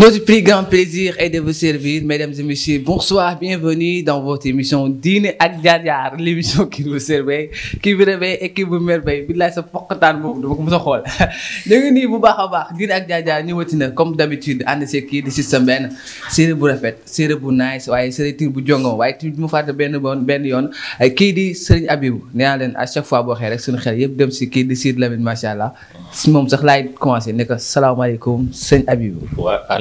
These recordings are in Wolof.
Notre plus grand plaisir est de vous servir, mesdames et messieurs. Bonsoir, bienvenue dans votre émission Dîner ak Diar Diar, l'émission qui vous surveille, qui vous réveille et qui vous Billaay sa fokkataan boobu dama ko mos a xool. ñu bu baax a baax Dîner ak Diar Diar ñëwati na comme d'habitude ànd see kii di système benn bu rafet, série bu nice waaye série tir bu jongo waaye tir mu fàtte benn bon benn yoon kii di Serigne Abibou nee naa leen à chaque fois boo xee rek suñu xel yëpp dem si kii di Sidi Lamine macha allah moom sax laay commencé ne ko salaamaaleykum Serigne Abibou.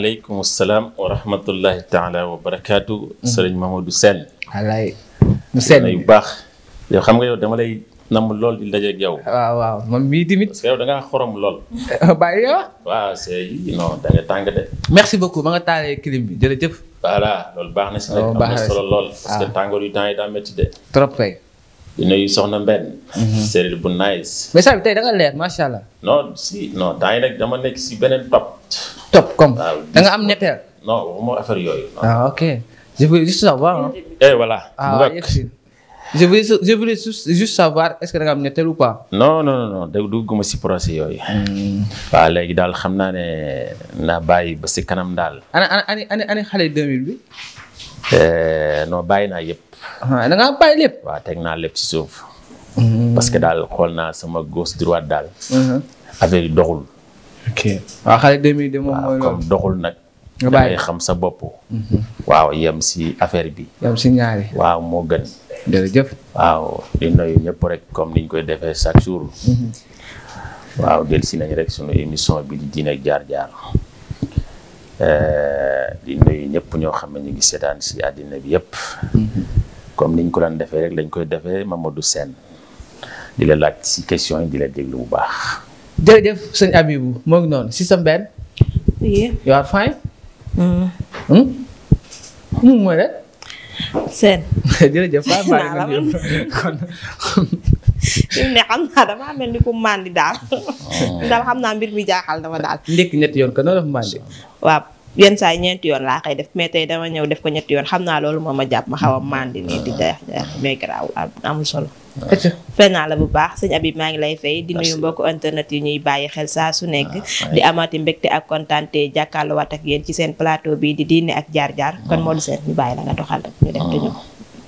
aleykum salaam wa rahmatullahi taala wa barakaatu. sëriñ Mamadou Sène. yu baax. yow xam nga yow dama lay namm lool di dajeeg yow. waaw waaw man mii da ngaa lool. bàyyi yow. waaw c'est non da nga tàng de. merci beaucoup ba nga taalee clim bi jërëjëf. voilà loolu baax na si nag. Oh, am na solo lool. parce ah. tàngoor yu temps daa métti de. trop kay. di nuyu Soxna Mbène. séeréer mhm. bu nice. mais saa bi tey da nga leer macha allah. non si non yi nag dama nekk si beneen topp. top comme da nga am neppeel. non moom affaire yooyu. ah ok je voulais juste savoir. eh voilà. ah je voulais je voulais que da nga am neppeel ou pas. non non non dugguma si procès yooyu. Hmm. waaw léegi daal xam naa ne naa bàyyi ba si kanam daal. ana ana ana ana xale 2000 bi. Eh, non bàyyi naa yëpp. Ah, da ngaa bàyyi lépp. waa teg naa lépp si suuf. Hmm. parce que daal xool naa sama gauche droite daal. Uh-huh. affaire yi waaw xale 2000 de moom mooy loolu doxul nag. nga bàyyi xam sa bopp. Mhm. waaw yem si affaire bi. si ñaari. waaw moo gën. jërëjëf. waaw di nuyu ñëpp rek comme liñ koy defee chaque jour. Mhm. waaw del si nañ rek sunu émission bi di diine jaar-jaar. Eh, di nuyu ñëpp ñoo xam ne ñu ngi seetaan si àddina bi yëpp. Mhm. comme niñ ko daan defee rek lañ koy defee Mamadou seen di la laaj si question yi di la déglu bu baax. jërëjëf sëñ Abibou moo ngi noonu système benn. oui. you are fine. mu mm. hmm? hmm, mooy rek. seen. jërëjëf waaw bàyyi nga nuyu naa damaa mel ni ku màndi daal. Oh. daal xam naa mbir mi jaaxal dama daal. ndekki ñetti yoon ko def màndi. waaw yenn saa yi ñeenti yoon laa koy def mais tey dama ñëw def ko ñetti yoon xam naa loolu moo ma jàpp ma xaw a màndi nii di jeex jeex mais garaaw amul solo. fay la bu baax sëñ Habib maa ngi lay fay di yu mbokk internet yi ñuy bàyyi xel saa su nekk ah, ah, di amaati mbégte ak kontaante jàkkaarloo waat ak yéen ci seen plateau bi di diine ak jaar jaar kon ah. moo di seen ñu bàyyi la nga doxal ñu def te ñu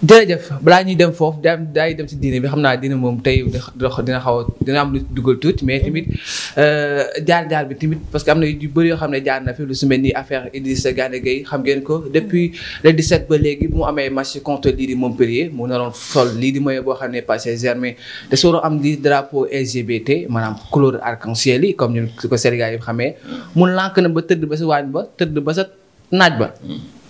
jërëjëf balaa ñuy dem foofu daa daay dem si diine bi xam naa diine moom tey dina xaw a dina am lu dugal tuuti mais tamit jaar-jaar euh, bi tamit parce que am na yu bëri yoo xam ne jaar na fi lu su mel ni affaire Idrissa Gana Gueye xam ngeen ko depuis le 17 ba léegi bu mu amee match contre lii di Montpellier mu naroon sol lii di mooy boo xam ne Paris Saint-Germain te soo am di drapeau LGBT maanaam couleur arc-en-ciel yi comme ñun ko Sénégal yi xamee mu lànk na ba tëdd ba sa waañ ba tëdd ba sa naaj ba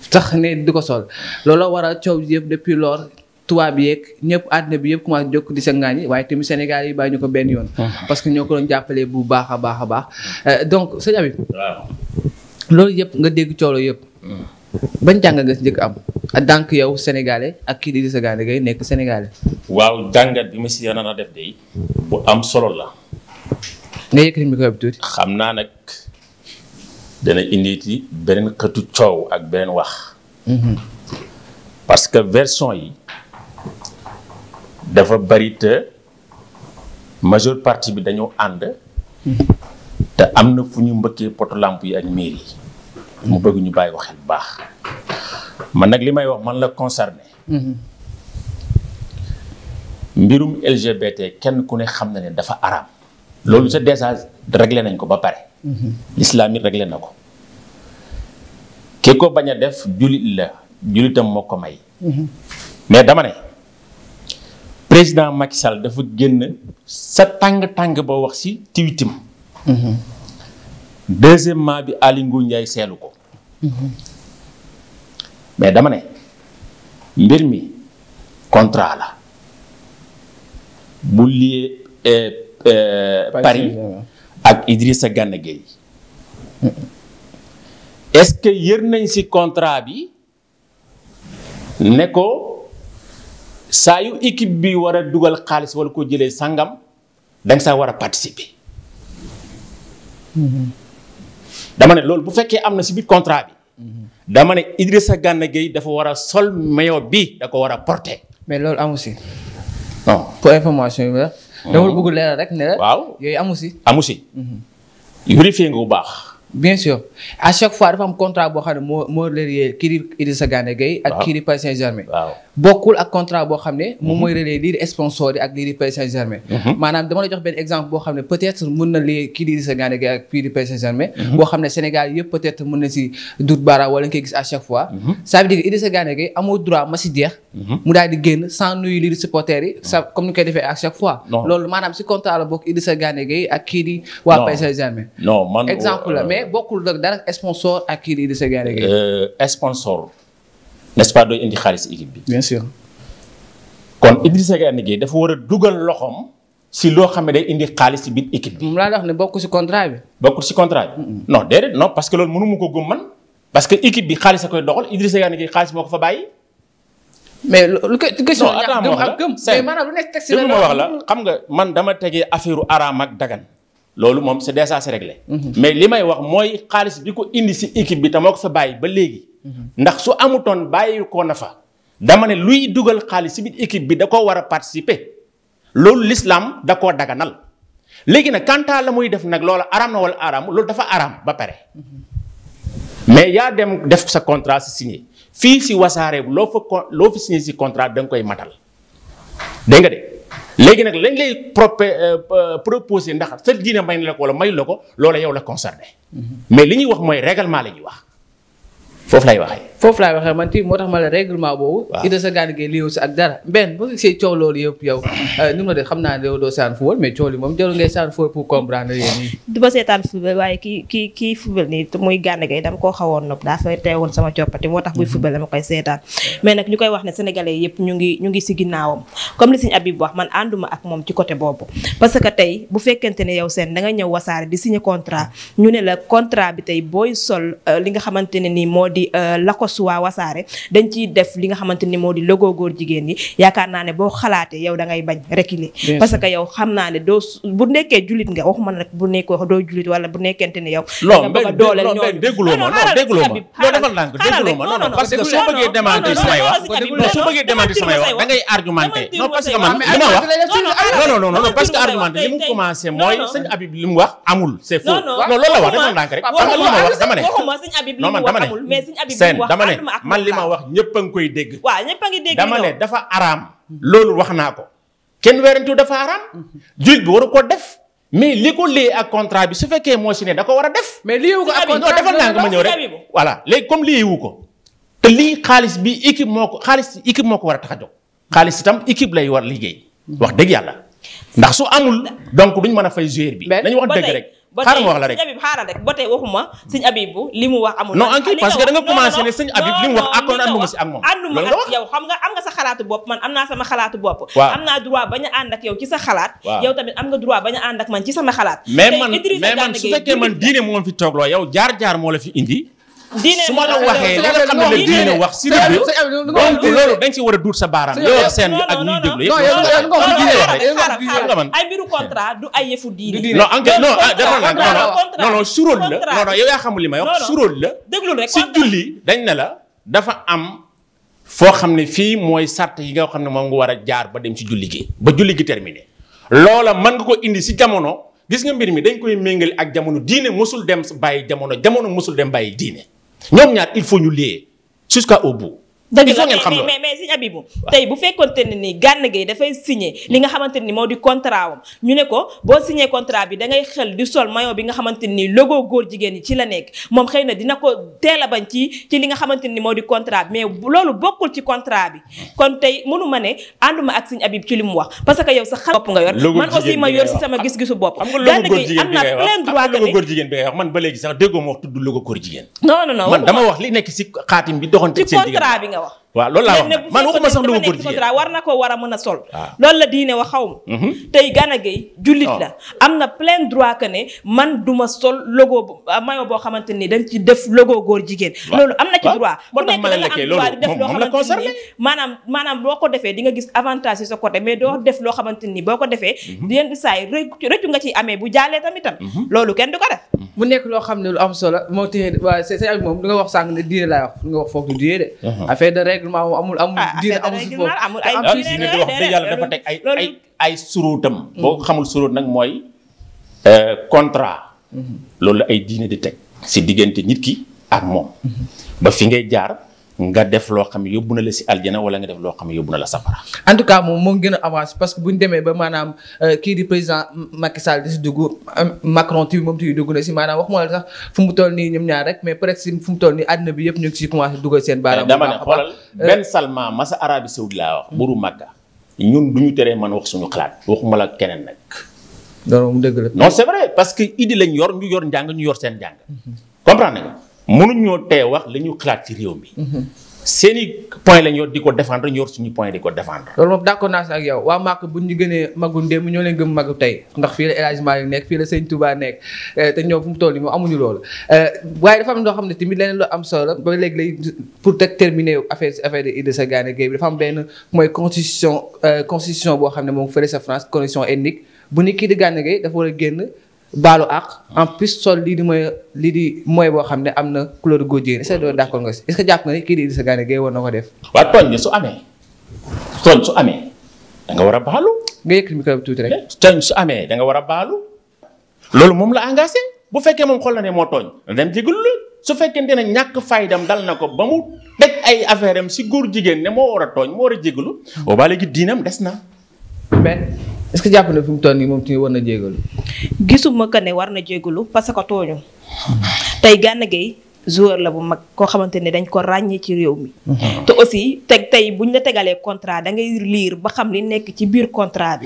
sax ne di ko sol looloo waral coow yëpp depuis lors tubaab yeeg ñëpp àddina bi yëpp jokk di sa ngaañ yi waaye tamit Sénégal yi bàyyi ñu ko benn yoon. Ah. parce que ñoo ko doon jàppale baax a baax a baax euh, donc sëñ Habib. loolu yëpp nga dégg coow yëpp. Hmm. bañ jàngat nga si njëkk am ak dànk yow sénégalais ak kii di sa gaane nekk sénégalais. waaw jàngat bi ma si yoon a def de bu am solo la. nga yëkkati micro bi tuuti. xam naa nag. dana indi ci beneen xëtu coow ak beneen wax. Mhm. parce que version yi dafa bari te majeure partie bi dañoo ànd. Mhm. te am na fu ñu mbëkkee poto làmp yi ak miir yi. mu bëgg ñu bàyyi waxel bu baax. man nag li may wax man la concerné. Mhm. mbirum LGBT kenn ku ne xam na ne dafa araam. loolu sa déjà réglé nañ ko ba pare. Mhm. islam it réglé na ko. ke ko bañ a def jullit la jullitam moo ko may. Mhm. mais dama ne président Macky Sall dafa génn sa tàng-tàng ba wax si tiwitim. Mhm. deuxièmement bi Aly Ngouille seelu ko. mais dama ne mbir mi contrat la bu lié. Eh, Euh, Paris ak Idrissa Gana Gueye est-ce que yër nañ si contrat bi ne ko saa yu équipe bi war a dugal xaalis wala ko jëlee sangam da nga war a participer mm-hmm. dama ne loolu bu fekkee am na si biir contrat bi mm-hmm. dama ne Idrissa Gana Gueye dafa war a sol maillot bi da ko war a porter. mais loolu amu ci. non pour information yi dama bëgg leeral rek ne la. yooyu amu si. amu si. Mhm. vérifié nga bu baax. bien sûr à chaque fois dafa am contrat boo xam ne moo moo lëre kii di sa Gana Gueye ak kii di Paris germain bokkul ak contrat boo xam ne moom mhm. mooy relais lii di sponsor yi ak lii di Paris germain mhm. maanaam dama la jox benn exemple boo xam ne peut-être mën na lii kii di sa gaane gi ak mhm. fois ça veut droit ma si jeex mu daal di génn sans nuyu lii di supporters yi comme ni koy defee à chaque fois loolu maanaam si contrat la bokk Idrissa Gana Gueye ak kii di waa Paris germain exemple la euh, mais bokkul dara sponsor ak kii di Idrissa Gana Gueye euh, sponsor n'est-ce pas dooy indi xaalis équipe bi. bien sûr kon Idrissa Gana Gueye dafa war a dugal loxoom si loo xam ne day indi xaalis ci biir équipe bi. moom laa wax ne bokk si contrat bi. bokkul si contrat bi. non déedéet non que loolu mënu mu ko gëm man parce que équipe bi xaalis a koy doxal Idrissa Gana Gueye xaalis moo ko fa bàyyi. mais lu ko question ñàkk gëm ak gëm. mais maanaam lu nekk teg si la ma wax la xam nga man dama tegee affaire u araam ak dagan. loolu moom c'est déjà c'est réglé. Mhm. mais li may wax mooy xaalis bi ko indi si équipe bi te moo ko sa bàyyi ba léegi. Mhm. ndax su amutoon bàyyi ko na fa. dama ne luy dugal xaalis si biir équipe bi da koo war a participer loolu l'islam da koo daganal léegi nag kantaa la muy def nag loola araam na wala araam loolu dafa araam ba pare. Mhm. mais yaa dem def sa contrat si signé fii si wasaare loo fa loo fi signé si contrat danga koy matal dégg nga de. léegi nag lañ lay propé euh, euh, proposé ndax sa diine may na la ko wala mayu la ko loola yow la concerné mm-hmm. mais li ñuy wax mooy règlement la ñuy wax. foofu lay waxee. foofu laay waxee man ti moo tax ma la règlement boobu. waaw Idrissa Gana Gueye lii ak dara. benn boo gisee coow loolu yëpp yow euh, ni ma de xam naa ne yow doo saan football mais coow li moom jarul ngay saan football pour si ak moom ci côté boobu. parce contrat ñu ne la contrat bi tey booy sol euh, li nga xamante ne nii moo di di lakos waa wasaare dañ ciy def li nga xamante ni moo di logo góor jigéen yi yaakaar naa ne boo xalaatee yow da ngay bañ reculer parce que yaw xam naa ne doo bu nekkee julit nga waxuma nag bu nekkoo doo julit wala bu nekkente ne yow da nga bëgg a dooleel ñooñu dégguloo ma non dégguloo ma loolu defal naa ko dégguloo ma non non parce que soo que li ma wax non non non parce que argumenté li mu commencé mooy sëñ Habib li mu wax amul c'est faux non loolu la wax defal naa rek xam nga wax man dama ne sëñ Habib seen dama ne man li ma wax ñëpp a ngi koy dégg. waaw ñëpp a ngi dama ne dafa araam. loolu wax naa ko kenn weerantu dafa araam. juge bi waru ko def. mais li ko lii ak contrat bi su fekkee moo si ne da ko war a def. mais lii wu ko ak contrat ma ñëw rek voilà léegi comme lii wu ko. te lii xaalis bi équipe moo ko xaalis équipe moo ko war a tax a jóg. xaalis itam équipe lay war liggéey. wax dëgg yàlla ndax su amul donc duñ mën a fay joueur bi. nañu wax dëgg rek xaaral rek ba tey waxuma sëñ Habib bu li mu wax amul non parce que da nga commencé ne sëñ li mu wax akkoon ànduma si ak moom ànduma ak am nga sa xalaatu bopp man am naa sama xalaatu bopp waaw am naa droit bañ a ànd ak ci sa xalaat yow tamit am nga droit bañ a ànd ak man ci sama xalaat mais man mais man su fekkee man diine moom fi toogloo yow jaar-jaar moo la fi indi diine su ma la waxee li xam ne la diine wax si réew donc dañ si war a duut sa baaraam yow seen bi ak ñuy déglu yëpp nga man ay mbiru du ay yëfu diine non enquête non ah, dafa nag non la non non yow yaa xamul li may wax suróol la déglu rek si julli dañ ne la dafa am foo xam ne fii mooy sart yi nga xam ne moom nga war a jaar ba dem si julli gi ba julli gi terminé loola mën nga ko indi si jamono gis nga mbir mi dañ koy méngale ak jamono diine mosul dem bàyyi jamono jamono mosul dem bàyyi diine ñoom ñaar il faut ñu lier jusqu'à au dëgg la mais mais mais sëñ Abibou tey bu fekkonte ne ni Gana Gueye dafay signé li nga xamante ni moo di contrat wam ñu ne ko boo signé contrat bi da ngay xel di sol maillot bi nga xamante ni logo góor jigéen ñi ci la nekk moom xëy na dina ko teel a bañ ci li nga xamante ni moo di contrat bi mais loolu bokkul ci contrat bi kon tey mënu ma ne ànduma mu wax parce que yow sa xam ma yor si gis-gisu man ba léegi sax déggoo ma wax tudd logo góor jigéen non non man dama wax li nekk si xaatim bi doxante ci contrat bi nga wax waaw loolu laa wax man waxuma sax lu ma góor war na ko war a mën a sol. Ah. loolu la diine wax xaw ma. Mhm. tey Gana Gueye jullit la oh. am na plein droit que ne man duma sol logo ah, mayo boo xamante ni dañ ci def logo góor jigéen. loolu am na ci droit. moo tax ma la lekkee loolu moom la concerné ku nekk danga boo ko defee di nga gis avantage ci sa coté mais doo def loo xamante ni boo ko defee. Mhm. yenn saa yi rëccu nga ci amee bu jaalee tamit mhm. loolu kenn du ko def. mu nekk loo xam ne lu am solo moo tax waaye sëñ bi moom li nga wax sànq ne diine laa wax nga wax foofu du diine de uh-huh. affaire de règlement moom amul amul diine amul ah, suuf boobu amul ay diine ah, ah, wax dëgg yàlla dafa teg ay ay ay suruutam boo mm-hmm. xamul suruut nag mooy mm-hmm. euh, contrat mm-hmm. loolu ay diine di teg si diggante nit ki ak moom ba fi ngay jaar nga def loo xam yóbbu na la si aljana wala nga def loo xam yóbbu na la safara. en tout cas moom moo gën a avancé parce que bu ñu demee ba maanaam euh, kii di président Macky Sall di si dugg euh, Macron la sax fu mu toll nii ñoom ñaar rek mais peut fu mu toll nii àddina bi yëpp ñu si commencé dugal seen baaraam. dama ne xoolal benn Salman masa Arabie Saoudi laa wax. buru Makka ñun du ñu teree man wax suñu xalaat. waxuma la keneen nag. non dëgg la. non c'est vrai mënuñoo tee wax li ñu xalaat ci réew mi. Mhm. seen i point lañ yor di ko défendre ñor suñu point di ko défendre. loolu moom d'accord naa si ak yow waa Màkk bu ñu gënee magu ndéem ñoo leen gëm magu tey ndax fii la El Hadj nekk fii la Sëñ Touba nekk eh, te ñoom fu mu toll nii moom amuñu loolu eh, waaye dafa am loo xam ne tamit leneen lu am solo ba léegi lay pour te terminer affaire affaire de Idrissa Gana Gueye bi dafa am benn mooy constitution eh, constitution boo xam ne moom fële sa France constitution ethnique bu kii di Gana Gueye dafa war baalo ak en plus sol lii di mooy lii di mooy boo xam ne am na couleur góor jigéen est-ce que doo d'accord nga si est-ce que jàpp nga ni di Idrissa Gana Gueye war na ko def. waa tooñ nga su amee su amee da war a baalu. nga yëkkati tuuti rek. Eh, tooñ su amee da nga war a baalu. loolu moom la engagé bu fekkee moom xool na ne moo tooñ na dem jégalu la su fekkente ne ñàkk faydam dal na ko ba mu teg ay affaire am si góor jigéen ne moo war a tooñ moo war a jégalu. boobaa léegi diinam des na. est-ce que jàpp na fi mu toll nii moom tamit war na jégalu. gisuma que ne war na jégalu parce que tooñu hmm. tey Gana Gueye joueur la bu mag koo xamante ne dañ ko ràññee ci réew mi. Mhm. te aussi teg tey bu buñ la tegalee contrat da ngay lire ba xam li nekk ci biir contrat bi.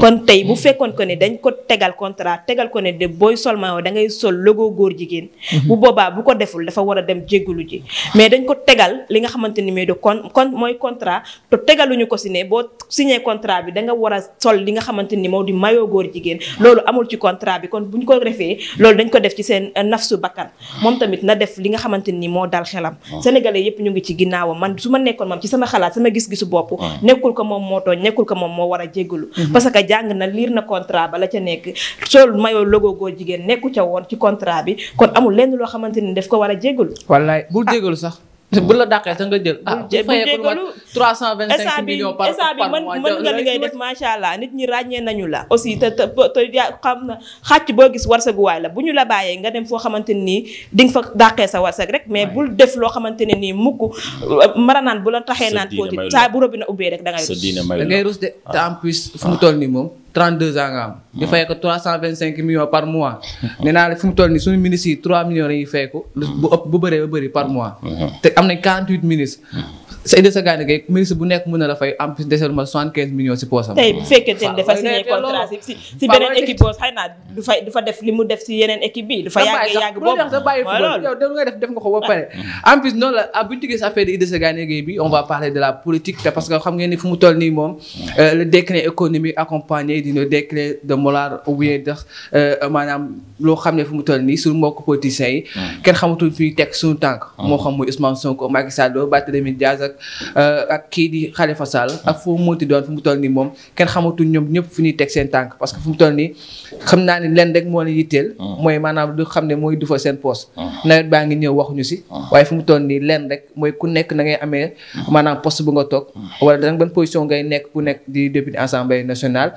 kon tey bu fekkoon ko ne dañ ko tegal contrat tegal ko ne de booy sol maillot da ngay sol góor jigéen. Mhm. bu boobaa bu ko deful dafa war a dem jégalu ji mais dañ ko tegal li nga xamante ni mooy de con kon mooy contrat tegaluñu ko si ne boo signé contrat bi da nga war a sol li nga xamante ni moo di maillot góor jigéen loolu amul ci contrat bi kon buñ ko defee loolu dañ ko def ci seen nafsu bakkan moom tamit na def def li nga xamante ni moo dal xelam ah. sénégalais yépp ñu ngi ci ginnaawam man su ma nekkoon moom ci sama xalaat sama gis-gisu bopp ah. nekkul ko moom moo tooñ nekkul ko moom moo war a jéggalu mm-hmm. parce que jàng na liir na contrat ba la ca nekk sol mayoo logo góor jigéen nekku ca woon ci contrat bi kon amul lenn loo xamante ni daf ko war a jéggalu wallaay bul jéggalu sax bu la dàqee sa nga jël. ah, ah bu fayee ko 325 millions par par mois mën nga li def macha allah nit ñi ràññee nañu la. aussi te te te xam na xàcc boo gis warsaguwaay la bu ñu la bàyyee nga dem foo xamante ni di nga fa dàqee sa warsag rek mais bul def loo xamante ne nii mukk euh, mara naan bu la taxee naan. sa diine saa bu robinet ubbee rek da ngay rus. da de ah. te en plus fu mu toll nii moom. 32 ans nga am. Ah. ñu fay ko 325 millions par mois. Ah. nee naa la fi mu toll nii suñu ministres yi 3 millions la ñuy fay ko. bu ëpp bu bëree par mois. Ah. te am nañ 48 ministres. Idrissa Gana Gueye ministre bu nekk mën na la fay en plus desal ma si poosam. tey bu fekkee tey dafa signé si beneen équipe boobu xëy na du fa def li mu def si yeneen équipe bi. du fa yàgg yàgg boobu yow da nga def def nga ko ba pare. en plus noonu la ah, bu ñu duggee si affaire de fu mu toll nii moom euh, le déclin économique accompagné dina déclin de moral ou bien euh, maanaam loo xam ne fu mu toll nii su suñu mbokk politiciens yi. kenn xamatul fi teg suñu tànk. moo xam muy Ousmane Sonko Macky Sall Barthélémy Dias Euh, ak kii di Khalifa Sall ak foo mu mënti doon fu mu toll nii moom kenn xamatu ñoom ñëpp fu ñuy teg seen tànk parce que fu mu toll nii xam naa ni leen rek moo leen yitteel mm. mooy maanaam du xam ne mooy du fa seen poste mm. nawet baa ngi ñëw waxuñu si mm. waaye fu mu toll nii leen rek mooy ku nekk na ngay amee maanaam post bu nga toog wala danga ban position ngay nekk ku nekk di député Assemblée national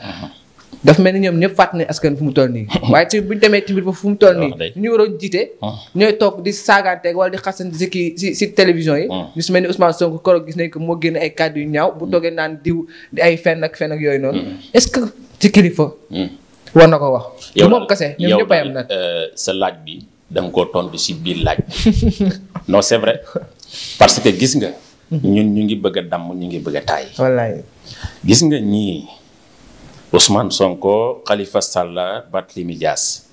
daf mel ni ñoom ñëpp fàtt ne askan fu mu toll nii waaye ci buñu demee ci biir ba fu mu toll nii ñu waroon jiite ah. ñooy toog di saagaanteeg wala di xasante si kii si si télévision yi ah. ñu su mel ni Ousmane Sonko koro gis nañ moo génn ay kàddu yu ñaaw bu mm. toogee naan diw di ay fenn ak fenn yooyu noonu mm. est-ce que ci kilifa mm. war na ko wax yow moom kese ñoom ñëpp ayam euh, sa laaj bi danga koo tontu si biir laaj non c'est parce que gis nga mm-hmm. ñun ñu ngi bëgg a damm ñu ngi bëgg a taay wallaay gis nga ñii Ousmane Sonko Khalifa Sall Barthélémy Dias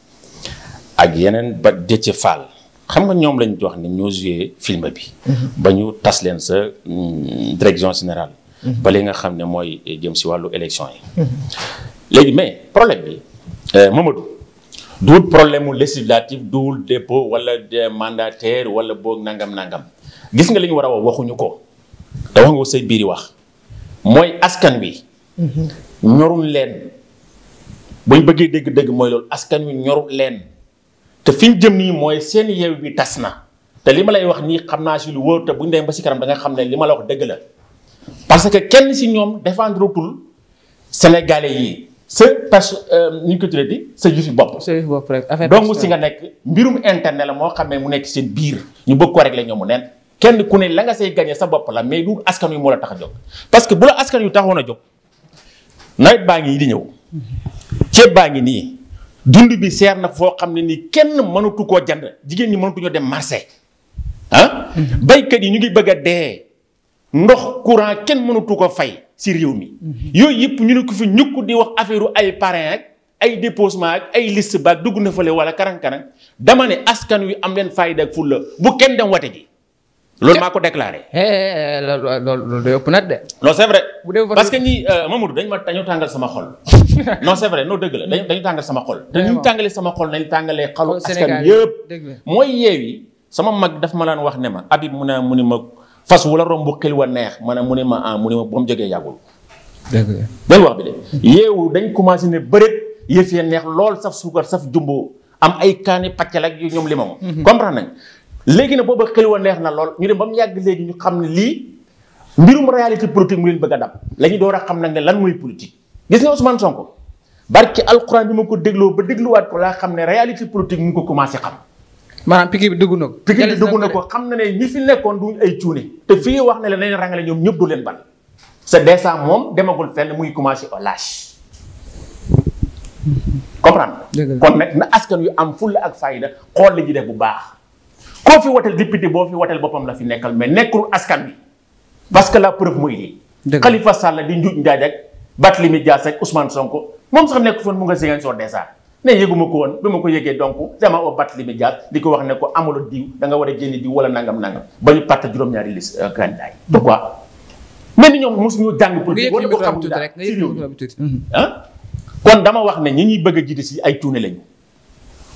ak yeneen ba Déthié Fall xam nga ñoom lañ wax ne ñoo joué film bi. Mhm. ba ñu tas leen sa mm, direction général mhm. ba nga xam ne mooy jëm si wàllu élection yi. Mhm. léegi mais problème bi euh, Mamadou. duwul problème mu législatif duwul dépôt wala de mandataire wala boog nangam nangam gis nga lañu war a wax waxuñu ko. te wax nga say biiri wax mooy askan wi. ñoruñ leen buñ bëggee dégg-dégg mooy loolu askan wi ñoru leen te fi ñu jëm nii mooy seen yeew bi tas na te li ma lay wax nii xam naa si lu wóor te buñ demee ba si kanam da nga xam ne li ma la wax dëgg la que kenn si ñoom défendre tul sénégalais yi sa pêche euh, ni ñu ko tuddee sa yëfi bopp. sa yëfi bopp rek si nga nekk mbirum internet la moo xam ne mu nekk seen biir. ñu bëgg ko rek la ñoom mu neen kenn ku ne la nga say gagné sa bopp la mais du askan wi moo la tax a jóg parce que bu la askan yu taxoon a jóg. nawet baa ngi yi di ñëw ceeb baa ngi nii dund bi seer na foo xam ne ni kenn mënatu koo jand jigéen ñi mënatuñoo dem marché ah? baykat yi ñu ngi bëgg a dee ndox courant kenn mënatu ko fay si réew mi yooyu yëpp ñu ne ko fi ñukk di wax affaire ay parrain ak ay déposement ak ay liste baag dugg na fële wala karang-karang dama ne askan wi am leen fayda ak fulla bu kenn dem wate ji loolu maa ko déclaré. Eh, eh, eh, loolu loolu yëpp nag de. non c' est vrai. parce que ñi euh, Mamadou dañ ma dañoo tàngal sama xol. non c' est vrai non dëgg la dañu tàngal sama xol. te ñu tàngalee sama xol nañu tàngalee. xalu askan bi yëpp mooy yeewi sama mag daf ma laan wax ne ma Habib mu ne mu ne ma fas wala romb xel neex ma ne mu ne ma ah mu ne ma ba mu jógee yàggul. dëgg wax bi de. yeewu dañ commencé ne bëreet yëf ya neex lool saf suukar saf jumbo am ay kaani pàccal ak ñoom li ma moom. comprendre léegi nag boobu xel neex na lool ñu dem ba mu yàgg léegi ñu xam ne lii mbirum réalité politique mu leen bëgg a dab la ñu door a xam nag ne lan mooy politique gis nga Ousmane Sonko barki alxuraan bi ma ko dégloo ba dégluwaat ko laa xam ne réalité politique mu ngi ko commencé xam. maanaam piki bi dugg na ko. piquet bi dugg na ko xam na ne ñi fi nekkoon duñ ay cuune. te fii wax ne la nañ rangale ñoom ñëpp du leen ban. sa dèjà moom demagul fenn muy ngi commencé au lâche. comprendre kon nag na askan yu am fulla ak fayda xool li ji def bu baax. koo fi wotel député boo fi wotel boppam la fi nekkal mais nekkul askan bi parce que la preuve mooy lii. dëgg di Sall di njuuj njaaj ak Barthélémy Dias ak Ousmane Sonko moom sax nekk fan mu nga Ziguinchor déjà ne yëguma ko woon bi ma ko yëgee donc dama oo Barthélémy di ko wax ne ko amuloo diw da nga war a génne diw wala nangam nangam ba ñu pàtte juróom-ñaari liste euh, candidat yi pourquoi mais ni ñoom mos ñu jàng politique wala ko xam ah kon dama wax ne ñi ñuy bëgg a jiite si ay tuune lañu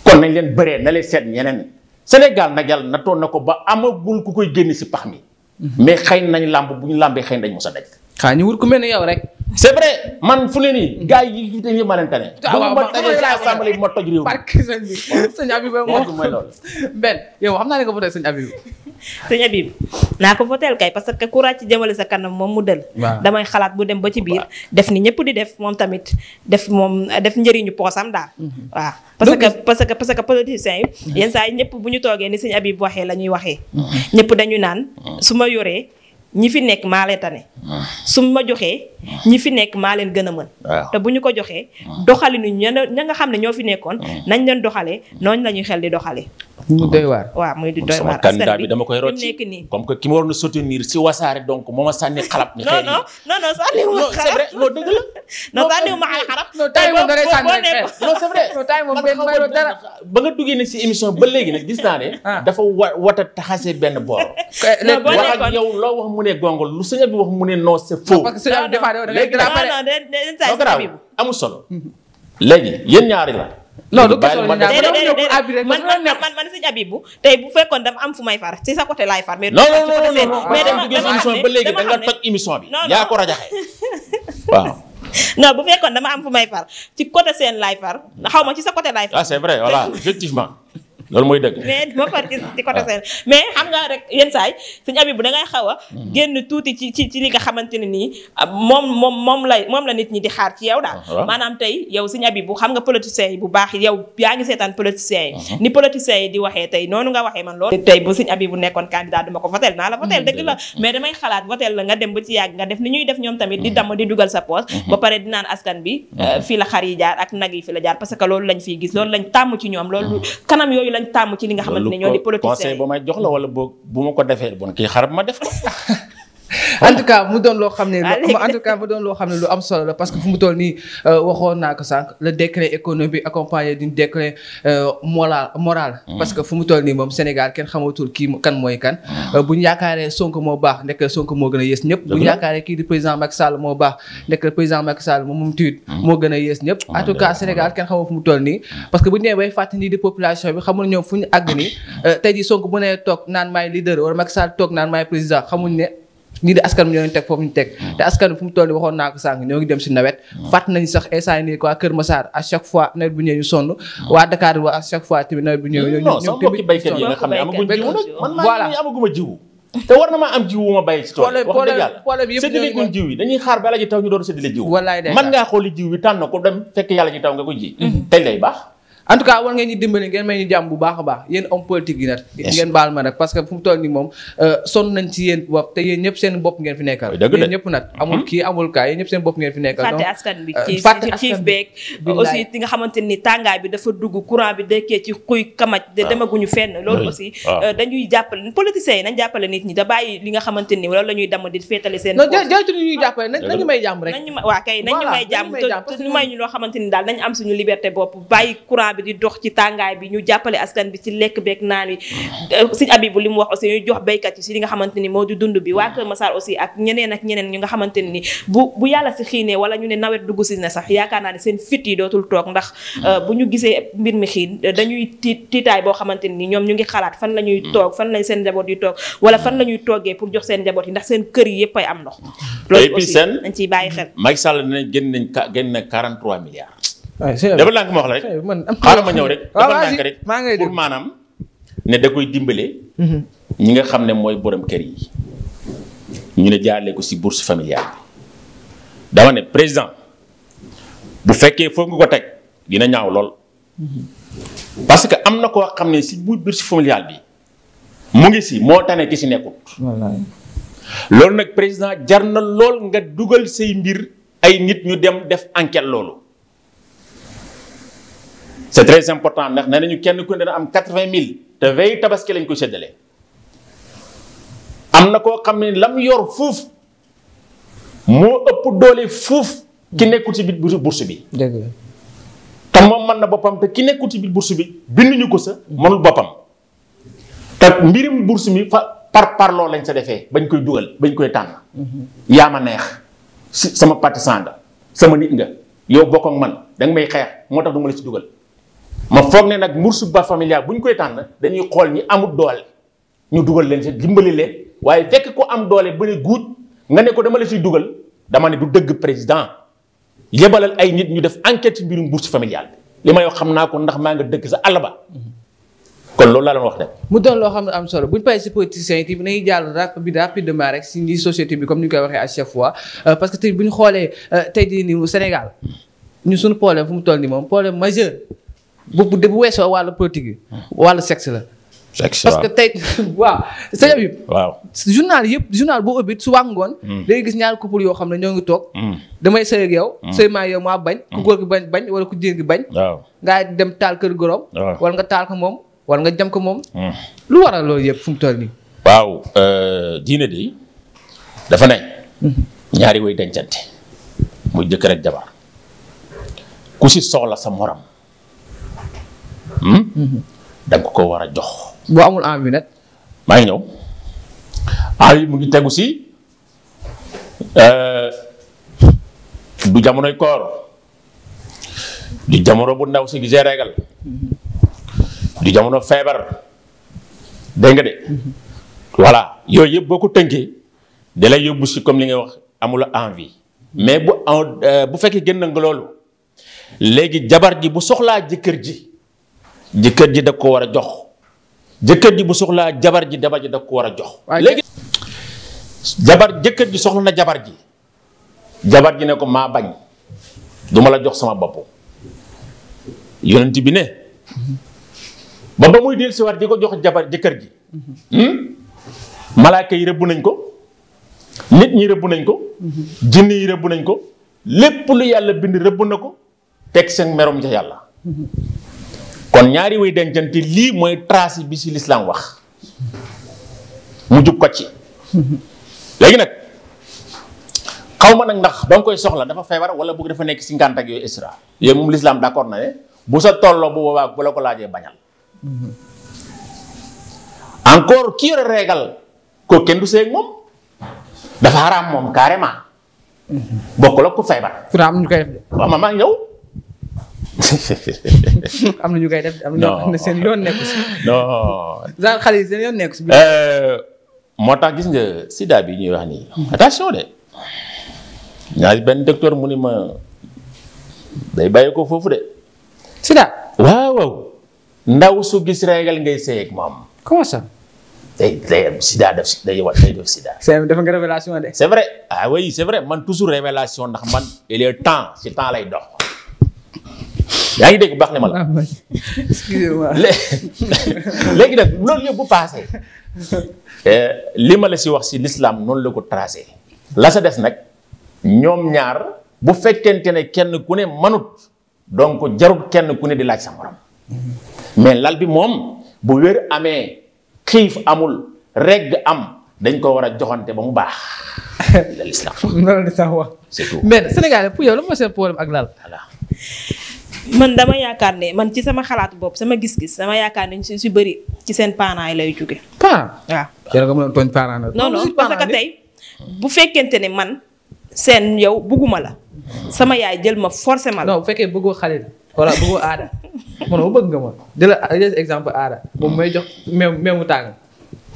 kon nañ leen bëree na leen seet ñeneen Sénégal nag na nattoon na ko ba amagul ku koy génne si pax mi. Mhm. mais xëy nañ làmb bu ñu làmbee xëy nañ mos a daj. xaa ñu wut ku mel ni yow rek. c'est vrai man fu leen nii gars yi yi dañuy ah, mën a tane. waaw ma tëjee sa ma toj réew mi. yow xam naa ne ko voté sëñ Habib. sëñ Habib naa ko voté kay parce que courage ci jëmale sa kanam moom mu dël damay xalaat bu dem ba ci biir. def ni ñëpp di def moom tamit def moom def njëriñu poosam daal. Mhm. waaw parce que parce que parce que politiciens mhm. yenn saa yi ñëpp bu ñu toogee ni sëñ Habib waxee la ñuy waxee. Mhm. ñëpp dañuy naan su ma yoree. ñi fi nekk maa leen tane. Ah. su ma joxee ñi fi nekk maa leen gën a mën. te bu ñu ko joxee. Ah. doxalinu ña nga xam ne ñoo fi nekkoon. Ah. nañ leen doxalee noonu la ñuy xel di doxalee. mu doy waar waaw muy di doy dama koy rocci nekk nii comme que ki ma a soutenir si wasaare donc moo ma sànni xalab ni xeer yi sànni ba léegi nag gis naa ne dafa wa a taxasee benn boor wax ak loo wax mu ne gongol lu sëñ bi wax mu ne non c'est faux parce que sëñ bi dafa da ngay amul solo léegi yéen ñaari la loolu question la ñu man man man sëñ Abibou bu fekkoon dama am fu may far ci sa côté laay far. mais non non non mais dama émission bi ba léegi da nga toj émission bi. yaa ko rajaxe waaw. non bu fekkoon dama am fu may far ci côté seen laay far xaw ma ci sa côté laay far. ah c'est vrai voilà effectivement. loolu mooy dëgg. mais ma far ci ci côté ah. seen mais xam nga rek yenn saay suñu abi bu da xaw a. Hmm. génn tuuti ci ci ci li nga xamante ne nii ah, moom moom moom la moom la nit ñi di xaar ci yow daal. Ah, maanaam tey yow suñu abi bu xam nga politiciens yi bu baax yow yaa ngi seetaan politiciens yi. Uh-huh. ni politiciens yi di waxee tey noonu nga waxee man loolu. tey bu suñu abi nekkoon candidat duma ko votel naa la votel hmm, dëgg la mais damay xalaat votel la nga dem ba ci yàgg nga def li ñuy def ñoom tamit di hmm. damm di dugal sa poos ba askan bi fii la xar yi jaar ak nag yi fi la jaar parce que loolu lañ fiy gis lañ tàmm ci ñoom loolu lañ tàmm ci li nga xamante ne ñoo di politicien conseil ba may jox la wala boog bu ma ko defee bon xarab ma def ko en tout cas mu doon loo xam ne. Ah, en tout cas mu doon loo xam ne lu am solo la parce que fu mu toll nii euh, waxoon naa ko sànq le décret économique accompagné d'un décret euh, moral hmm. parce que fu mu toll nii moom Sénégal kenn xamatul kii kan mooy kan. Hmm. Euh, bu ñu yaakaaree Sonko moo baax ndekk Sonko moo gën a yées ñëpp. bu ñu moo baax ndekk président Macky hmm. ñëpp. en tout cas Sénégal kenn xamul fu mu toll nii. parce que bu ñu nee bay fàttali nii di population bi xamul ñoom fu ñu àgg nii tey jii Sonko bu nee toog naan maay leader wala Macky Sall toog ñii di askan ñoo ngi teg foofu ñu teg mm. te askan fu mu toll waxoon naa ko sànq ñoo ngi dem si nawet mm. fàtt nañu sax instant nii quoi Kër Massar à chaque fois nawet bu ñu sonn mm. waa Dakar waa à chaque bu ñëwee ñoom tamit béykat yi nga xam ne amaguñ jiw nag man maa ngi te war na maa am jiw wu ma bàyyi si tool wax dëgg jiw yi dañuy xaar ba yàlla ji taw ñu doon séddale jiw man ngaa xooli jiw bi tànn ko dem fekk yàlla ji taw nga ko ji tey mm-hmm. lay baax en tout cas war ngeen ñu dimbali ngeen may ñu jàmm bu baax a baax yéen homme politique yi nag bi euh, ci xiif beeg aussi nga xamante ni tàngaay bi dafa dugg courant bi dekkee ci xuy kamaj de ah. demaguñu ah. euh, jàppale nit ñi da bàyyi li nga xamante ni loolu damm di féetale seen jaytu ni ñuy ah. jàppale nañu may jàmm rek nañu waa kay nañu may jàmm te ñu may ñu loo xamante ni daal nañ am suñu liberté bopp bàyyi courant bi di dox ci tàngaay bi ñu jàppale askan bi ci lekk beeg naan wi euh, sëñ Abibu li mu wax aussi ñu jox béykat yi si li nga xamante ni moo di dund bi waa Kër Massar aussi ak ñeneen ñeneen ñu nga xamante ni bu bu yàlla si xiinee wala ñu ne nawet dugg si ne sax yaakaar naa ne seen fit dootul toog ndax euh, bu ñu gisee mbir mi xiin dañuy tiit tiitaay boo xamante ni ñoom ñu ngi xalaat fan la ñuy toog fan lañ seen njaboot yi toog wala fan la ñuy toggee pour jox seen njaboot yi ndax seen kër yi yëpp ay am ndox loolu aussi dañ ciy bàyyi xel Macky Sall dinañ génn nañ génn na 43 milliards dafa lànk ma wax la rek xaaral ma ñëw rek dafa lànk rek pour maanaam mm-hmm. ne da koy dimbale ñi nga xam ne mooy borom kër yi ñu ne jaarale ko si bourse familiale bi dama ne président bu fekkee foofu nga ko teg dina ñaaw lool mm-hmm. parce que am na koo xam ne si bu si familiale bi mu ngi si moo tane ki si nekkut loolu nag président jar na lool nga dugal say mbir ay nit ñu dem def enquête loolu c'est très important ndax ne nañu kenn ku ne dana am quatre-vingt mille te veille tabaski lañ ko séddale am na koo xam ne lam yor fuuf moo ëpp doole fuuf ki nekkul ci biir bourse bi. dëgg moom mën na boppam te ki nekkul ci biir bourse bi binduñu ko sa mënul boppam te mbirim bourse mi fa par parloo lañ sa defee bañ koy dugal bañ koy tànn. Mm-hmm. yaa ma neex si sama partisan nga sama nit nga yow bokk ak man danga may xeex moo tax du la ci dugal. ma foog ne nag bourse ba familiale bu ñu koy tànn dañuy xool ñi amul doole ñu dugal leen si dimbali leen waaye fekk ko am doole ba ne guuj nga ne ko dama la siy dugal dama ne du dëgg président yebalal ay nit ñu def enquête ci mbirum bourse familiale bi li may wax xam naa ko ndax maa nga dëkk sa àll ba kon loolu laa doon wax de. mu doon loo xam ne am solo bu ñu paree si politiciens yi nañu jàll rapide rapidement rek si société bi comme ni koy waxee à chaque euh, parce que tey bu ñu euh, jii nii Sénégal ñu suñu problème fu mu toll nii moom problème majeur. bu bu bu weesoo walla politique yi. wàllu sexe la. sexe parce que waaw. sëñ bi waaw. journal yëpp journal boo ëbbit su wàngoon. léegi hmm. gis ñaari couple yoo xam ne ñoo ngi toog. Hmm. damay sëy ak yow. Hmm. sëy maa yow maa bañ. ku góor gi bañ bañ wala ku jigéen gi bañ. waaw dem taal kër gorom. wala nga taal ko moom wala nga jam ko moom. lu waral loolu yëpp fu mu toll nii. waaw euh, diine de dafa ne. ñaari way dencante mu jëkkër ak jabar ku si soxla sa morom. Hmm? Mhm. da ko war a jox. boo amul envie nag. maa ngi ñëw envie mu ngi tegu si euh, du jamonoy koor du jamono bu ndaw si gisee régal mhm. du jamono feebar dégg nga de. Mhm. voilà yooyu yëpp boo ko tënkee da yóbbu si comme li ngay wax amula envie mais bu euh, bu fekkee génn nga loolu léegi jabar ji bu soxlaa jëkkër ji. jëkkër ji da ko war a jox jëkkër ji bu soxlaa jabar ji jabar da ko war a jox. léegi jabar jëkkër ji soxla na jabar ji jabar ji ne ko maa bañ duma la jox sama bopp yonent bi ne ba ba muy del si war di ko jox jabar jëkkër ji hmm? malaaka yi rëbb nañ ko nit ñi rëbb nañ ko jinn yi rëbb nañ ko lépp lu yàlla bind rëbb na ko teg seen merom ca yàlla kon ñaari way dencante lii mooy trace bi ci lislaam wax mu jub ko ci léegi nag xaw ma nag ndax ba nga koy soxla dafa feebar wala bëgg dafa nekk ci ngànt ak yooyu ISRA yooyu lislaam d'accord na ne bu sa tolloo bu boobaa bu la ko laajee bañal encore ki yore régal ko kenn du seeg moom dafa xaraam moom carrément bokk la ku feebar. am ñu koy maa ñëw. am na ñu koy def am na seen yoon nekku si. non genre xale seen yoon nekku si. Euh, moo tax gis nga sida bi ñuy wax nii. Hmm. attention de. ñaari benn docteur mu ni ma day bàyyi ko foofu de. sida. waaw waaw ndaw su gis régal ngay seey ak moom. comment ça. day day am sida def day wa day def sida. nga révélation de. c'est vrai ah oui c'est vrai man toujours révélation ndax man il est temps si temps lay dox. yaa ngi dégg baax ne ma la. Ah, léegi nag loolu yëpp bu paase eh, li ma la si wax si lislaam noonu la ko tracé. la sa des nag ñoom ñaar bu fekkente ne kenn ku ne manut donc jarul kenn ku ne di laaj sa morom. mais lal bi moom bu wér amee xiif amul regg am. dañ ko war a joxante ba mu baax. loolu la sax wax. c'est tout mais Sénégal pour yow lan seen problème ak lal. man dama yaakaar ne man ci sama xalaat bopp sama gis-gis sama yaakaar ne su si bëri ci seen parents yi lay jóge. parents waaw. yàlla nga mën a tooñ parents la. non non parce tey bu fekkente ne man seen yow bugguma la sama yaay jël ma forcé ma la. non fekkee bëggoo xale wala bëggoo aada bëgg nga ma jël exemple aada moom may jox meew meew mu tàng.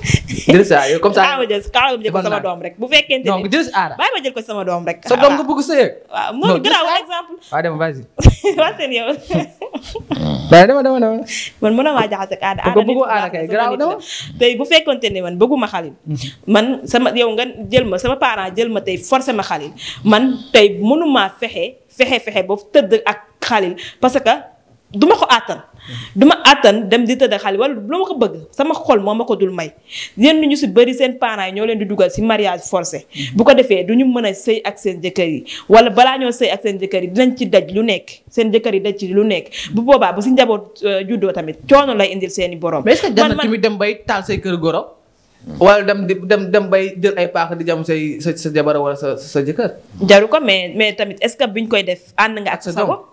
jël sa aar comme ça ah, ma jël jël ko sama doom rek bu fekkee ne jël sa aar bàyyi jël ko sama doom rek sa doom nga ah, bëgg sëy waaw moo garaaw exemple waaw waa seen yow waaye dama dama dama man mën a maa jaxase ak aada aada bëggu aada kay garaaw dama tey bu fekkonte ne man bëgguma xalil mhm. man sama yow nga jël ma sama parent jël ma tey forcé ma xalil man tey mënumaa fexe fexe fexe ba tëdd ak xalil parce que du ma ko àttan du ma àttan dem di tëdd xale wala lu ma ko bëgg sama xol moo ma ko dul may yenn ñu si bëri seen parents yi ñoo leen di dugal si mariage forcé mm-hmm. bu ko defee du ñu mën a sëy ak seen jëkkër yi wala balaa ñoo sëy ak seen jëkkër yi dinañ ci daj lu nekk seen jëkkër yi daj ci lu nekk bu boobaa bu si njaboot euh, juddoo tamit coono lay indil seen i borom. mais est-ce que dem tamit dem bay taal say kër goro. wala dem di dem dem bay jël ay paax di jam say sa sa jabar wala sa sa jëkkër. jaru ko mais mais tamit est-ce que biñ koy def ànd nga ak sa bopp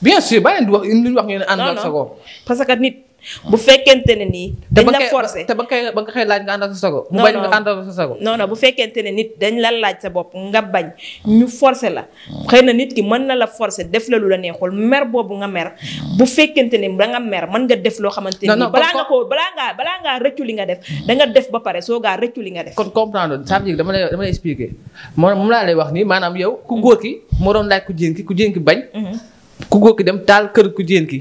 bien sûr ba leen di wax nit bu fekkente ne nii. dañ la forcer te ba nga ba nga koy laaj nga ànd ak sa sago. mu sa fekkente ne nit dañ la laaj sa bopp nga bañ ñu forcer la. xëy na nit ki mën na la forcer def la lu la neexul mer boobu nga mer bu fekkente ne da nga mer mën nga def loo xamante ni. balaa nga ko balaa ngaa balaa ngaa rëccu li nga def. da nga ba pare soo gaa rëccu li nga kon comprendre ça veut dire dama lay dama lay wax nii maanaam yow ku góor ki moo doon laaj ku jigéen ki ku jigéen ki bañ mhm. ku góor ki dem taal kër ku jigéen ki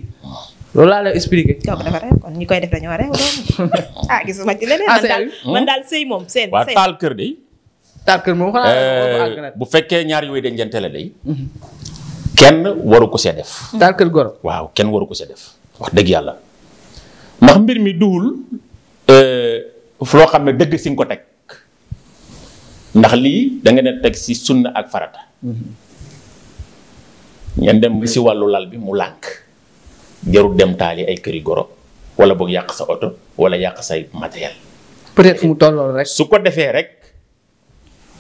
loolu laa lay expliqué. kooku dafa rek kon ñi koy def dañoo rek ah gisuma ci leneen. Ah, man daal man sëy moom seen. waaw taal kër de. taal kër moom xanaa euh, bu fekkee ñaar yooyu dañ leen teel mhm. kenn waru ko see def. Mhm. taal kër goro. waaw kenn waru ko see def wax dëgg yàlla ndax mbir mi duwul loo euh, xam ne dëgg si nga ko teg ndax lii danga nga teg si sunna ak farata. Mhm. ngeen dem bi si wàllu lal bi mu lànk jarul dem taali ay këri goro wala boog yàq sa oto wala yàq say matériel. peut-être fu mu tolloon rek. su ko defee rek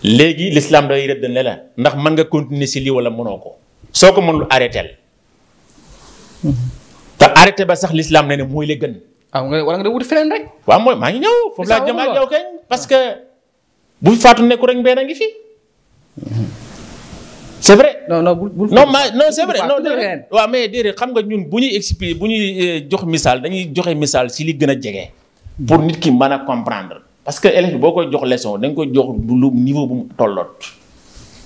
léegi l'islam day rëdd ne la ndax mën nga continuer si lii wala mënoo ko soo ko mënul arrêté mm-hmm. te arrêté ba sax lislaam ne ne mooy la gën. ah nga wala nga wuti feneen rek. waaw mooy maa ngi ñëw foofu laa jëm ak yow kañ ah. parce que bu faatu nekku rek mbéy na ngi fi. Mm-hmm. c'est vrai non non bul bul non ma non c'est vrai non déedéet waaw mais déedéet xam nga ñun bu ñuy expliquer bu ñuy euh, jox misaal dañuy joxe misaal si li gën a jege. pour nit ki mën a comprendre. parce que élève bi boo koy jox leçon da nga koy jox lu niveau bu mu tolloot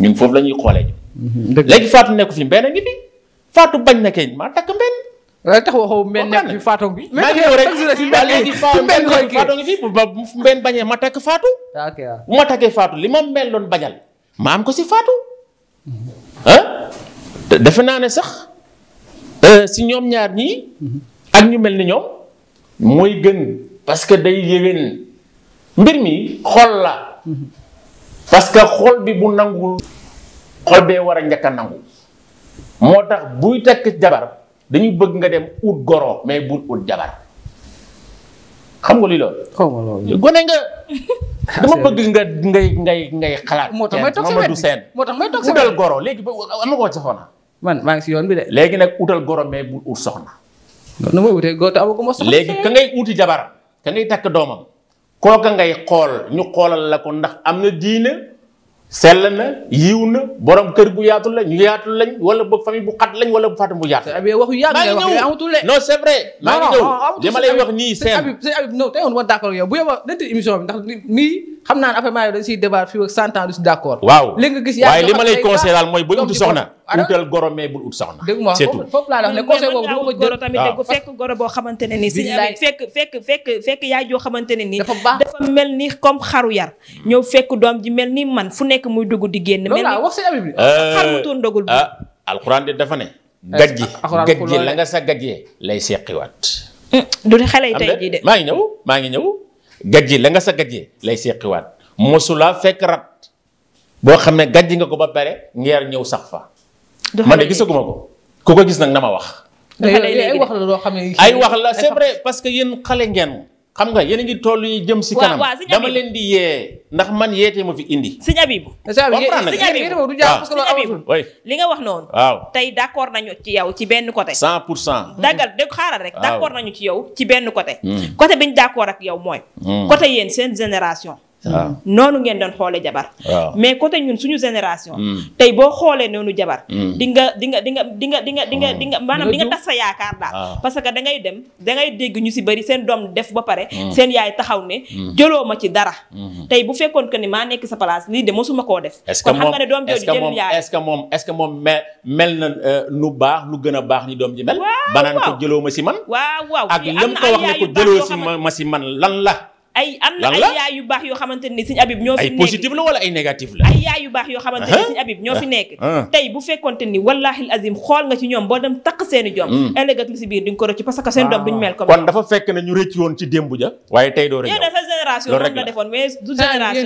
ñun foofu la ñuy xoolee. Mhm, léegi Fatou nekk fi benn ngi fi Fatou bañ na kenn maa takk benn. waaye tax waxoo mbenn nekk fi Fatou ngi. maa ngi ñëw rek ba léegi Fatou ngi fi bu mbenn bañee ma takk Fatou. Ah, ah. bu ma takkee Fatou li ma mel doon bañal ma am ko si Fatou. ah defe naa ne sax euh, si ñoom ñaar ñii ak ñu mel ni ñoom mooy gën parce que day yéwén mbir mi xol la parce que xol bi bu nangul xol bee war a njëkk a nangu moo tax buy takk jabar dañu bëgg nga dem ut goro mais bul ut jabar xam nga li loolu gone nga dama bëgg nga ngay ngay ngay xalaat. moo tax may toog Mamadou Sène moo tax may toog sa utal goro léegi ba am nga soxna. man maa ngi si yoon bi de. léegi nag utal goro mais bul ut soxna. nu ma utee góor te amaguma soxna. léegi ka ngay uti jabar ka ngay takk doomam. kooka ngay xool ñu xoolal la ko ndax am na diine sell na yiw na borom kër bu yaatu la ñu yaatu lañ wala boog famille bu xat lañ wala bu fàtte bu yaatu. Habib waxu yaatu ngay wax yow amatul non c'est vrai. maa ngi ñëw li ma lay wax nii seen. Habib Habib non tey woon ma d'accord yow bu yow dëtt émission bi ndax nii. xam naa ne après maa dañ siy débat fii ak cent ans du si d' accord. waaw waaye li ma lay conseillé daal mooy booy ut soxna. utal goro mais bul ut soxna. dëgg ma foofu laa la wax ne ah. conseil fekk nii. fekk fekk fekk fekk yaay joo xamante ne nii. dafa baax mel ni comme xaru yar. Hmm. ñëw fekk doom ji mel nii man fu nekk muy dugg di génn. mel ni wax si abi bi. xar mu euh, tóon dogul bi. ah alxuraan de dafa gajji gajji ah, la nga sa gajjee lay seqiwaat. Hmm, du xale yi tey jii de maa ngi ñëw maa ngi ñëw gajji la nga sa gajjee lay seqiwaat mosulaa fekk rat boo xam ne gajji nga ko ba pare ngeer ñëw sax fa. man de gisaguma ko ku ko gis nag na ma wax. ay wax la c'est vrai parce que yéen xale ngeen. xam nga yeneen di ngi toll yi jëm si kanam dama leen di yee ndax man yeetee ma fi indi si sëñ Abibu li nga wax noonu waaw tey d'accord nañu ci yow ci benn côté cent pour cent daggal de xaaral rek d'accord nañu ci yow ci benn côté hmm. côté bi ñu d'accord ak yow mooy hmm. côté yéen seen génération Ah. Mm. noonu ngeen doon xoole jabar ah. mais côté ñun suñu génération mm. tey boo xoolee noonu jabar mm. di nga di nga di nga di nga di nga di nga di nga maanaam di nga tas sa yaakaar daal ah. parce que da ngay dem da ngay dégg ñu si bëri seen doom def ba pare seen yaay taxaw ne jëloo ma ci dara mm-hmm. tey bu fekkoon que ni maa nekk sa place lii de mosuma koo def kon xam nga ne doom jooju jël yaay est-ce que moom est-ce que moom mel mel na nu euh, baax lu gën a baax ni doom ji mel banaan ko jëloo ma si man waaw waaw ak lëm ko wax ne ko jëloo si ma si man lan la ay am na ay yaay yu baax yoo xamante ni sëñ Habib ñoo fi ah. nekk ay positif la wala ay négatif la ay xool nga ci ñoom boo dem takk seeni jom mm. ëllëg ak si biir duñ ko rëcc parce que seen doom duñ mel kon dafa fekk ne ñu rëcc woon ci démb ja waaye tey doo rëcc a ah,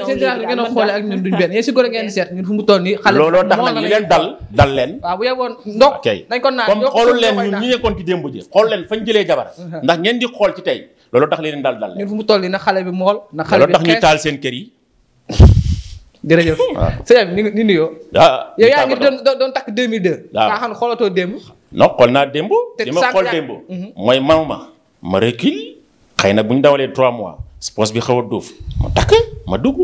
xoole ak ñun duñ benn yéen si góor ngeen seet ñun fu mu toll nii xale looloo tax nag li leen dal dal leen ah, comme xoolul leen ñu nekkoon ci démb ja xool leen fañ jëlee jabar uh-huh. ndax ngeen di xool ci tey loolu tax leen daal daal ñun fu mu toll yi na xale bi mool na xale bi loolu tax ñu taal seen kër yi jërëjëf sëñ bi ni nuyoo ah, yow yaa ngi doon doon takk 2002 daa xam xoolatoo démb non xool naa démb li ma xool démb mhm. mooy maw ma ma recul xëy na bu ñu dawalee 3 mois sport bi xaw a dóof ma takk ma dugg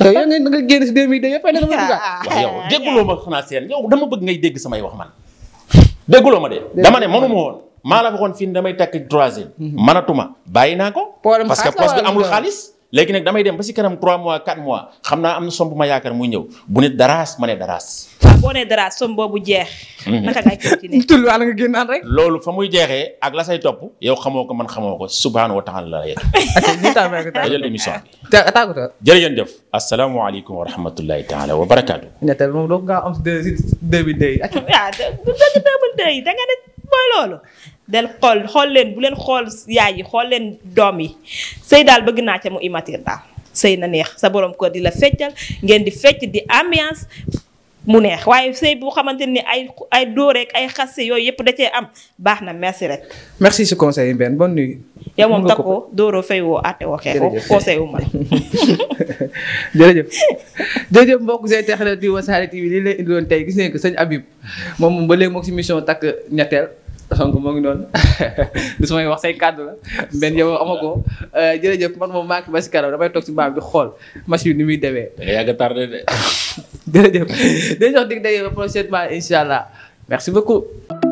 yow yaa nga génn si 2002 yëpp ay na dama dugg waaw yow dégguloo ma xanaa seen yow dama bëgg ngay dégg samay wax man dégguloo ma de dama ne mënuma woon maa la waxoon fii damay takk troisième. Mhm. manatuma bàyyi naa ko. parce que poste bi amul xaalis. léegi nag damay dem ba si kanam 3 mois 4 mois xam naa am na somb ma yaakaar muy ñëw bu ne daraas ma ne daraas. waaw boo ne boobu jeex. Mhm. naka ngay continuer. tullu wàll nga loolu fa muy jeexee ak la say topp. yow xamoo ko man xamoo ko subhaana wa taala la yegg. ok ñu tàmbalee ko tàmbalee émission bi. te tàggatoo. jërëjëf. asalaamaaleykum wa rahmatulahi taala wa barakaatu. nettal moom doo yi. ah dëgg mooy loolu del xool xool leen bu leen xool yaay yi xool leen doom yi sëy daal bëgg naa ca mu immature daal sëy na neex sa boroom kër di la feccal ngeen di fecc di ambiance mu neex waaye sëy bu xamante ni ay ay dóor rek ay xase yooyu yëpp da cee am baax na merci rek. merci si conseil yi benn bonne nuit. yow moom takkoo dóoroo fay woo àtte woo xeexoo conseil wu ma jërëjëf jërëjëf mbokk seen texanal bi Wassare TV lii leen indiloon tey gis nañ ko sëñ Habib moo si mission takk donc moo ngi noonu du su may wax say kàddu la benn yow ama ko eh, jërëjëf man moom maak ba si kanam damay toog si mbaam bi xool machine ni muy demee. da nga yàgg a de de. jërëjëf dañu jox dig daje prochainement incha allah merci beaucoup.